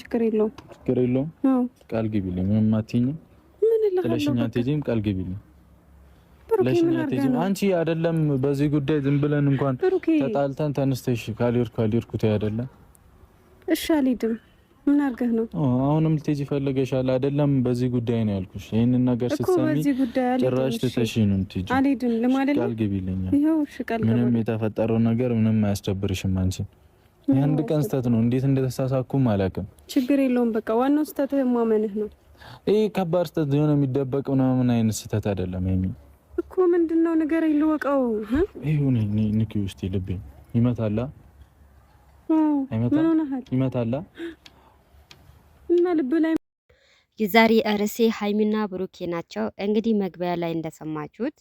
ችግር የለውም። ችግር የለውም። ቃል ግቢልኝ። ምንም አትይኝም። ጥለሽኛ አትሄጂም። ቃል ግቢልኝ። ጥለሽኛ አትሄጂም። አንቺ አይደለም በዚህ ጉዳይ ዝም ብለን እንኳን ተጣልተን ተነስተሽ ካልሄድኩ ካልሄድኩ ተይ አይደለም። እሺ አልሄድም። ምን አድርገህ ነው አሁንም ልትሄጂ ፈልገሻል አይደለም? በዚህ ጉዳይ ነው ያልኩሽ። ይህንን ነገር ስትሰሚ ጭራሽ ትተሽ ነው የምትሄጂ። ቃል ግቢልኝ። ምንም የተፈጠረው ነገር ምንም አያስደብርሽም አንቺ የአንድ ቀን ስተት ነው። እንዴት እንደተሳሳኩም አላውቅም። ችግር የለውም። በቃ ዋናው ስተት ማመንህ ነው። ይህ ከባድ ስተት የሆነ የሚደበቅ ምናምን አይነት ስተት አይደለም። ሀይሚ እኮ ምንድን ነው ንገረኝ፣ ልወቀው። ይሁን ንኪ ውስጥ ልብ ይመታላ ይመታላ እና ልብ ላይ የዛሬ ርዕሴ ሀይሚና ብሩኬ ናቸው። እንግዲህ መግቢያ ላይ እንደሰማችሁት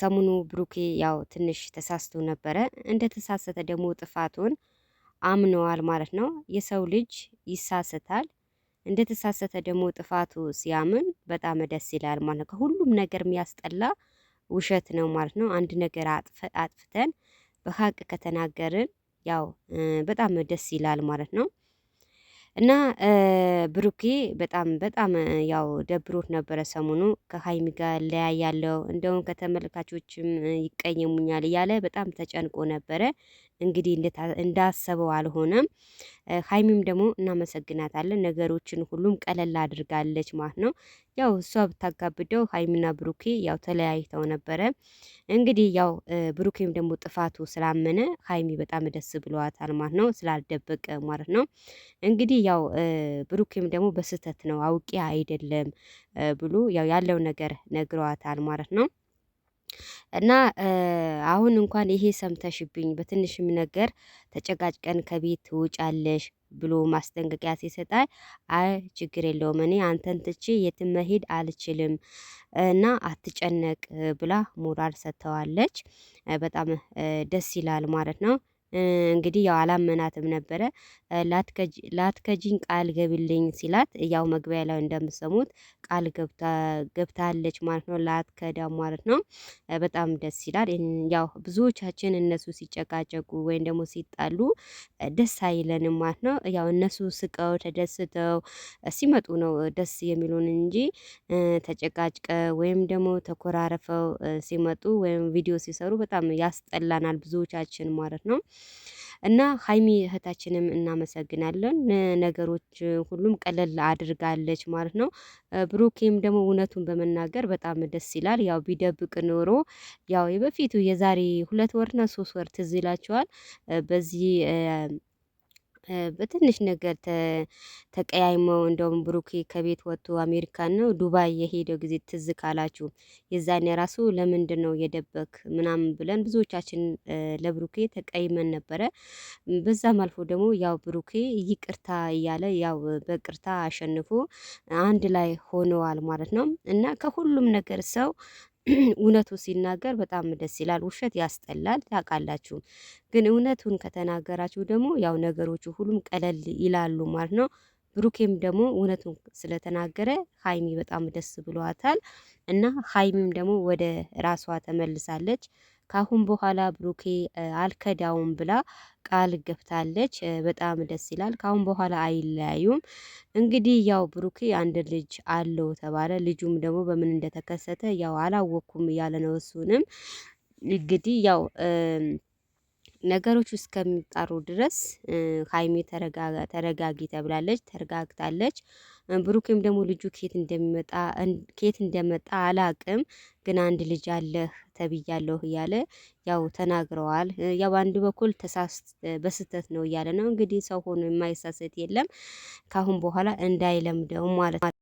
ሰሙኑ ብሩኬ ያው ትንሽ ተሳስቶ ነበረ። እንደተሳሰተ ደግሞ ጥፋቱን አምነዋል ማለት ነው። የሰው ልጅ ይሳሰታል። እንደተሳሰተ ደግሞ ጥፋቱ ሲያምን በጣም ደስ ይላል ማለት ነው። ከሁሉም ነገር የሚያስጠላ ውሸት ነው ማለት ነው። አንድ ነገር አጥፍተን በሀቅ ከተናገርን ያው በጣም ደስ ይላል ማለት ነው። እና ብሩኬ በጣም በጣም ያው ደብሮት ነበረ ሰሞኑ ከሀይሚ ጋር እለያያለሁ፣ እንደውም ከተመልካቾችም ይቀየሙኛል እያለ በጣም ተጨንቆ ነበረ። እንግዲህ እንዳሰበው አልሆነም። ሀይሚም ደግሞ እናመሰግናታለን። ነገሮችን ሁሉም ቀለል አድርጋለች ማለት ነው። ያው እሷ ብታጋብደው ሀይሚና ብሩኬ ያው ተለያይተው ነበረ። እንግዲህ ያው ብሩኬም ደግሞ ጥፋቱ ስላመነ ሀይሚ በጣም ደስ ብለዋታል ማለት ነው፣ ስላልደበቀ ማለት ነው። እንግዲህ ያው ብሩኬም ደግሞ በስህተት ነው አውቄ አይደለም ብሎ ያው ያለው ነገር ነግረዋታል ማለት ነው። እና አሁን እንኳን ይሄ ሰምተሽብኝ በትንሽም ነገር ተጨቃጭቀን ከቤት ትውጫለሽ ብሎ ማስጠንቀቂያ ሲሰጣይ አይ ችግር የለውም እኔ አንተን ትቼ የትም መሄድ አልችልም እና አትጨነቅ ብላ ሞራል ሰጥተዋለች። በጣም ደስ ይላል ማለት ነው እንግዲህ ያው አላመናትም ነበረ። ላትከጂኝ ቃል ገብልኝ ሲላት ያው መግቢያ ላይ እንደምሰሙት ቃል ገብታለች ማለት ነው። ላትከዳ ማለት ነው። በጣም ደስ ይላል። ያው ብዙዎቻችን እነሱ ሲጨቃጨቁ ወይም ደግሞ ሲጣሉ ደስ አይለንም ማለት ነው። ያው እነሱ ስቀው ተደስተው ሲመጡ ነው ደስ የሚሉን እንጂ ተጨቃጭቀ ወይም ደግሞ ተኮራረፈው ሲመጡ ወይም ቪዲዮ ሲሰሩ በጣም ያስጠላናል ብዙዎቻችን ማለት ነው። እና ሀይሚ እህታችንም እናመሰግናለን ነገሮች ሁሉም ቀለል አድርጋለች ማለት ነው። ብሩኬም ደግሞ እውነቱን በመናገር በጣም ደስ ይላል። ያው ቢደብቅ ኖሮ ያው የበፊቱ የዛሬ ሁለት ወርና ሶስት ወር ትዝ በዚህ በትንሽ ነገር ተቀያይመው እንደውም ብሩኬ ከቤት ወጥቶ አሜሪካ ነው ዱባይ የሄደው ጊዜ ትዝ ካላችሁ የዛኔ ራሱ ለምንድን ነው የደበክ ምናምን ብለን ብዙዎቻችን ለብሩኬ ተቀይመን ነበረ። በዛም አልፎ ደግሞ ያው ብሩኬ ይቅርታ እያለ ያው በቅርታ አሸንፎ አንድ ላይ ሆነዋል ማለት ነው እና ከሁሉም ነገር ሰው እውነቱ ሲናገር በጣም ደስ ይላል። ውሸት ያስጠላል ታውቃላችሁ። ግን እውነቱን ከተናገራችሁ ደግሞ ያው ነገሮቹ ሁሉም ቀለል ይላሉ ማለት ነው። ብሩኬም ደግሞ እውነቱን ስለተናገረ ሀይሚ በጣም ደስ ብሏታል እና ሀይሚም ደግሞ ወደ ራሷ ተመልሳለች። ካሁን በኋላ ብሩኬ አልከዳውም ብላ ቃል ገብታለች። በጣም ደስ ይላል። ካሁን በኋላ አይለያዩም። እንግዲህ ያው ብሩኬ አንድ ልጅ አለው ተባለ። ልጁም ደግሞ በምን እንደተከሰተ ያው አላወቅኩም እያለ ነው። እሱንም እንግዲህ ያው ነገሮች እስከሚጣሩ ድረስ ሀይሜ ተረጋጊ ተብላለች፣ ተረጋግታለች። ብሩኬም ደግሞ ልጁ ኬት እንደመጣ አላቅም፣ ግን አንድ ልጅ አለህ ተብያለሁ እያለ ያው ተናግረዋል። ያው በአንድ በኩል በስተት በስህተት ነው እያለ ነው እንግዲህ ሰው ሆኖ የማይሳሰት የለም። ካሁን በኋላ እንዳይለምደው ማለት ነው